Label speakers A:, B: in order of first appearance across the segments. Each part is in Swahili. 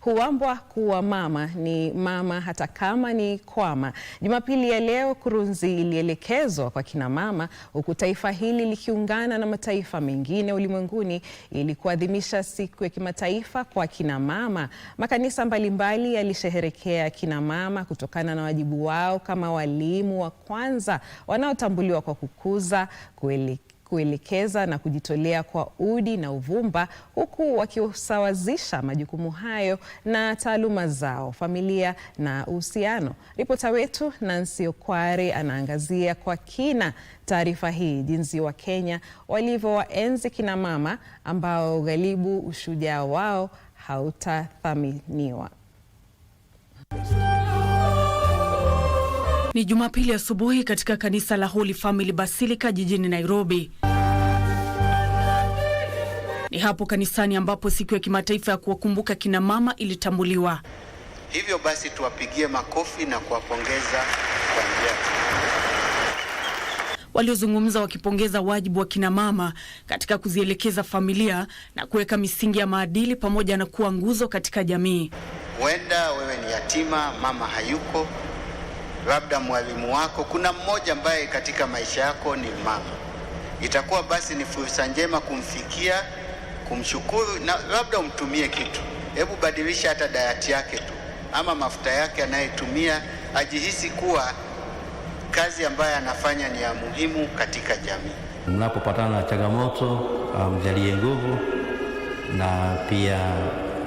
A: Huambwa kuwa mama ni mama hata kama ni kwama. Jumapili ya leo kurunzi ilielekezwa kwa kina mama, huku taifa hili likiungana na mataifa mengine ulimwenguni ili kuadhimisha siku ya kimataifa kwa kina mama. Makanisa mbalimbali yalisherehekea kina mama kutokana na wajibu wao kama walimu wa kwanza wanaotambuliwa kwa kukuza kuelekea kuelekeza na kujitolea kwa udi na uvumba huku wakisawazisha majukumu hayo na taaluma zao, familia na uhusiano. Ripota wetu Nancy Okware anaangazia kwa kina taarifa hii, jinsi wa kenya walivyowaenzi kina mama ambao ghalibu ushujaa wao hautathaminiwa. Ni Jumapili asubuhi katika kanisa la Holy Family Basilica jijini Nairobi. Ni hapo kanisani ambapo siku ya kimataifa ya kuwakumbuka kina mama ilitambuliwa.
B: Hivyo basi tuwapigie makofi na kuwapongeza kwa njia
A: waliozungumza wakipongeza wajibu wa kina mama katika kuzielekeza familia na kuweka misingi ya maadili pamoja na kuwa nguzo katika jamii.
B: Huenda wewe ni yatima, mama hayuko, labda mwalimu wako, kuna mmoja ambaye katika maisha yako ni mama, itakuwa basi ni fursa njema kumfikia, kumshukuru na labda umtumie kitu. Hebu badilisha hata dayati yake tu ama mafuta yake anayetumia, ajihisi kuwa kazi ambayo anafanya ni ya muhimu katika jamii.
C: Mnapopatana na changamoto amjalie ah, nguvu na pia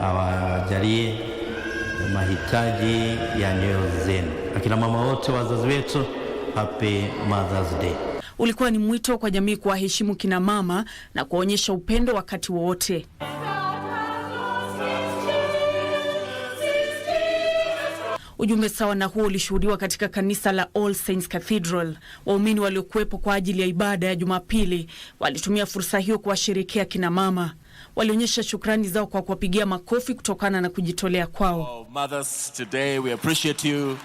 C: awajalie mahitaji ya nyoyo zenu akina mama wote wazazi wetu, happy Mother's Day.
A: Ulikuwa ni mwito kwa jamii kuwaheshimu kina mama na kuwaonyesha upendo wakati wowote. Ujumbe sawa na huo ulishuhudiwa katika kanisa la All Saints Cathedral. Waumini waliokuwepo kwa ajili ya ibada ya Jumapili walitumia fursa hiyo kuwasherekea kina mama. Walionyesha shukrani zao kwa kuwapigia makofi kutokana na kujitolea kwao. Oh,
D: mothers, today we appreciate you.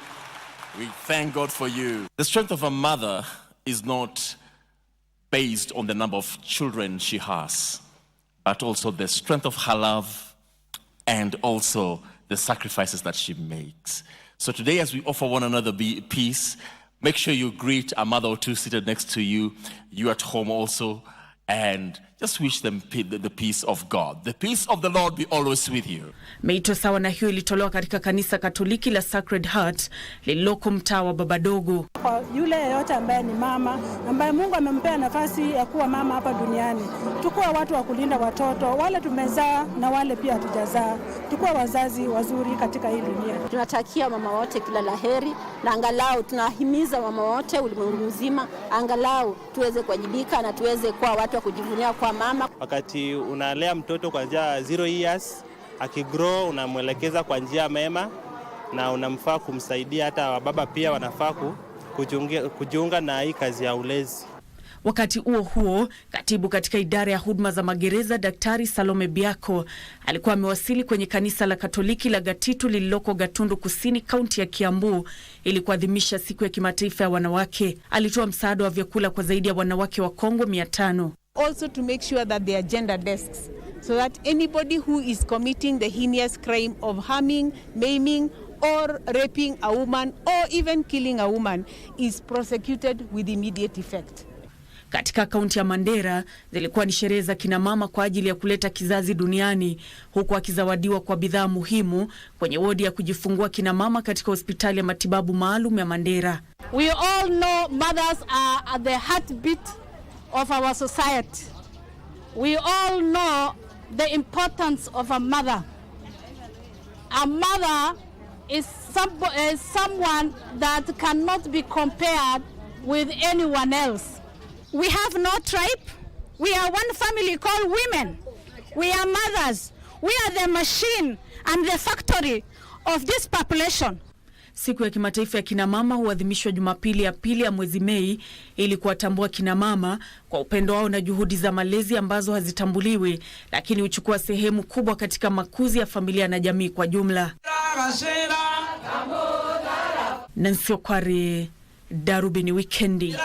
D: We thank God for you. The strength of a mother is not based on the number of children she has, but also the strength of her love and also the sacrifices that she makes. So today, as we offer one another peace, make sure you greet a mother or two seated next to you, you at home also. and just wish them the peace of God. The peace of the Lord be always with you.
A: Meito sawa na hiyo ilitolewa katika kanisa Katoliki la Sacred Heart lililoko mtaa wa Babadogo.
E: Kwa yule yeyote ambaye ni mama ambaye Mungu amempea nafasi ya kuwa mama hapa duniani, tukuwa watu wa kulinda watoto wale tumezaa na wale pia hatujazaa, tukuwa wazazi wazuri katika hii dunia.
F: Tunatakia mama wote kila laheri, na angalau tunahimiza mama wote ulimwengu mzima, angalau tuweze kuwajibika na tuweze kuwa watu cha kujivunia kwa mama.
G: Wakati unalea mtoto kuanzia zero years, akigrow unamwelekeza kwa njia mema na unamfaa kumsaidia. Hata wababa pia wanafaa kujiunga na hii kazi ya ulezi.
A: Wakati huo huo, katibu katika idara ya huduma za magereza Daktari Salome Biako alikuwa amewasili kwenye kanisa la Katoliki la Gatitu lililoko Gatundu Kusini, kaunti ya Kiambu ili kuadhimisha siku ya kimataifa ya wanawake. Alitoa msaada wa vyakula kwa zaidi ya wanawake wa mia tano
H: also to make sure that they are gender desks so that anybody who is committing the heinous crime of harming, maiming, or raping a woman or even killing a woman is prosecuted with immediate effect.
A: Katika kaunti ya Mandera zilikuwa ni sherehe za kinamama kwa ajili ya kuleta kizazi duniani, huku akizawadiwa kwa bidhaa muhimu kwenye wodi ya kujifungua kinamama katika hospitali ya matibabu maalum ya Mandera.
I: We all know mothers are at the heartbeat of our society. We all know the importance of a mother. A mother is, some, is someone that cannot be compared with anyone else. We have no tribe. We are one family called women. We are mothers. We are the machine and the factory of this population.
A: Siku ya kimataifa ya kinamama huadhimishwa Jumapili ya pili ya mwezi Mei ili kuwatambua kinamama kwa upendo wao na juhudi za malezi ambazo hazitambuliwi, lakini huchukua sehemu kubwa katika makuzi ya familia na jamii kwa jumla. Nancy Darubini Wikendi.